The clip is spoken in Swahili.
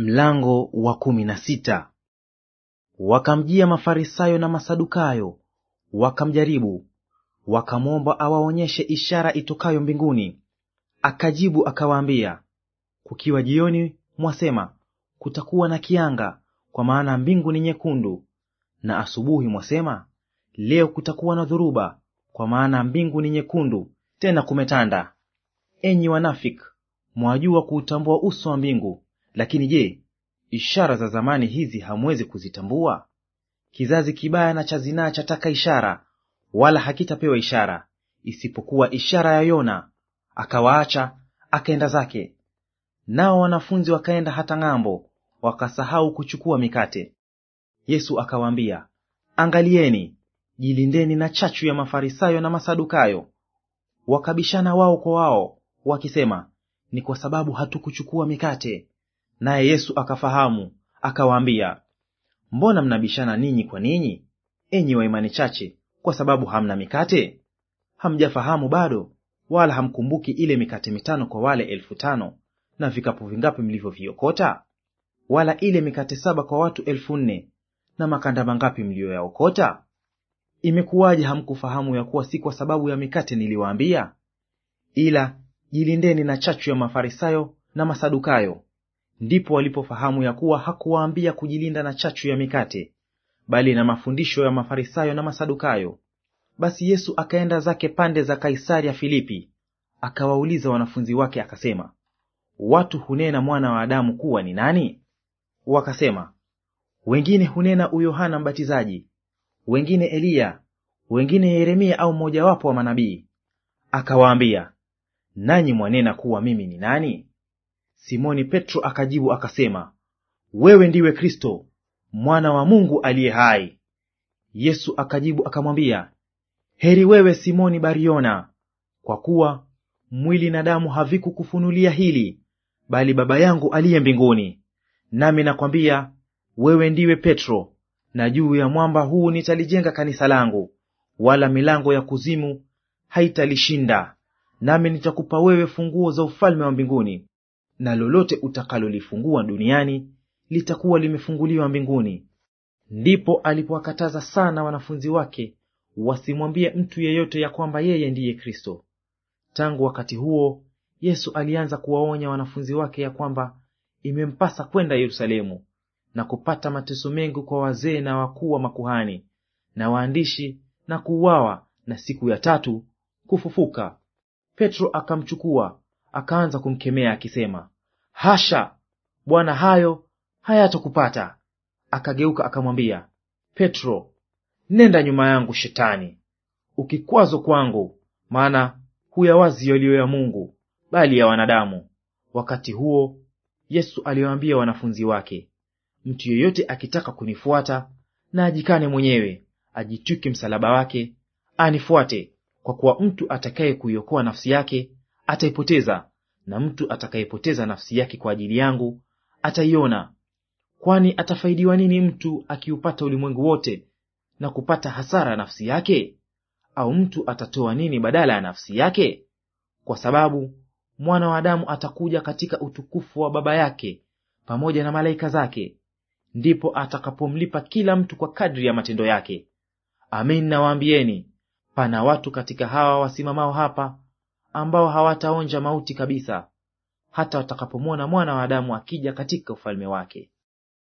Mlango wa kumi na sita. Wakamjia Mafarisayo na Masadukayo wakamjaribu, wakamwomba awaonyeshe ishara itokayo mbinguni. Akajibu akawaambia, kukiwa jioni mwasema kutakuwa na kianga, kwa maana mbingu ni nyekundu, na asubuhi mwasema leo kutakuwa na dhuruba, kwa maana mbingu ni nyekundu tena kumetanda. Enyi wanafiki, mwajua kuutambua uso wa mbingu lakini je, ishara za zamani hizi hamwezi kuzitambua? Kizazi kibaya na cha zinaa chataka ishara, wala hakitapewa ishara isipokuwa ishara ya Yona. Akawaacha akaenda zake. Nao wanafunzi wakaenda hata ng'ambo, wakasahau kuchukua mikate. Yesu akawaambia, Angalieni, jilindeni na chachu ya Mafarisayo na Masadukayo. Wakabishana wao kwa wao, wakisema, ni kwa sababu hatukuchukua mikate. Naye Yesu akafahamu, akawaambia, mbona mnabishana ninyi kwa ninyi, enyi wa imani chache, kwa sababu hamna mikate? Hamjafahamu bado, wala hamkumbuki ile mikate mitano kwa wale elfu tano na vikapu vingapi mlivyoviokota? Wala ile mikate saba kwa watu elfu nne na makanda mangapi mliyoyaokota? Imekuwaje hamkufahamu ya kuwa si kwa sababu ya mikate niliwaambia? Ila jilindeni na chachu ya Mafarisayo na Masadukayo, Ndipo walipofahamu ya kuwa hakuwaambia kujilinda na chachu ya mikate, bali na mafundisho ya Mafarisayo na Masadukayo. Basi Yesu akaenda zake pande za Kaisaria Filipi, akawauliza wanafunzi wake akasema, watu hunena mwana wa Adamu kuwa ni nani? Wakasema, wengine hunena u Yohana Mbatizaji, wengine Eliya, wengine Yeremia au mmojawapo wa manabii. Akawaambia, nanyi mwanena kuwa mimi ni nani? Simoni Petro akajibu akasema, wewe ndiwe Kristo mwana wa Mungu aliye hai. Yesu akajibu akamwambia, heri wewe Simoni Bariona, kwa kuwa mwili na damu havikukufunulia hili, bali Baba yangu aliye mbinguni. Nami nakwambia wewe ndiwe Petro, na juu ya mwamba huu nitalijenga kanisa langu, wala milango ya kuzimu haitalishinda. Nami nitakupa wewe funguo za ufalme wa mbinguni na lolote utakalolifungua duniani litakuwa limefunguliwa mbinguni. Ndipo alipowakataza sana wanafunzi wake wasimwambie mtu yeyote ya kwamba yeye ndiye Kristo. Tangu wakati huo Yesu alianza kuwaonya wanafunzi wake ya kwamba imempasa kwenda Yerusalemu na kupata mateso mengi kwa wazee na wakuu wa makuhani na waandishi na kuuawa, na siku ya tatu kufufuka. Petro akamchukua akaanza kumkemea akisema, Hasha, Bwana, hayo hayatokupata Akageuka akamwambia Petro, nenda nyuma yangu Shetani, ukikwazo kwangu, maana huyawazi yaliyo ya Mungu, bali ya wanadamu. Wakati huo Yesu aliwaambia wanafunzi wake, mtu yeyote akitaka kunifuata na ajikane mwenyewe, ajitwike msalaba wake, anifuate. Kwa kuwa mtu atakaye kuiokoa nafsi yake ataipoteza, na mtu atakayepoteza nafsi yake kwa ajili yangu ataiona. Kwani atafaidiwa nini mtu akiupata ulimwengu wote na kupata hasara nafsi yake? Au mtu atatoa nini badala ya nafsi yake? Kwa sababu mwana wa Adamu atakuja katika utukufu wa Baba yake pamoja na malaika zake, ndipo atakapomlipa kila mtu kwa kadri ya matendo yake. Amin, nawaambieni pana watu katika hawa wasimamao hapa ambao hawataonja mauti kabisa hata watakapomwona mwana wa Adamu akija katika ufalme wake.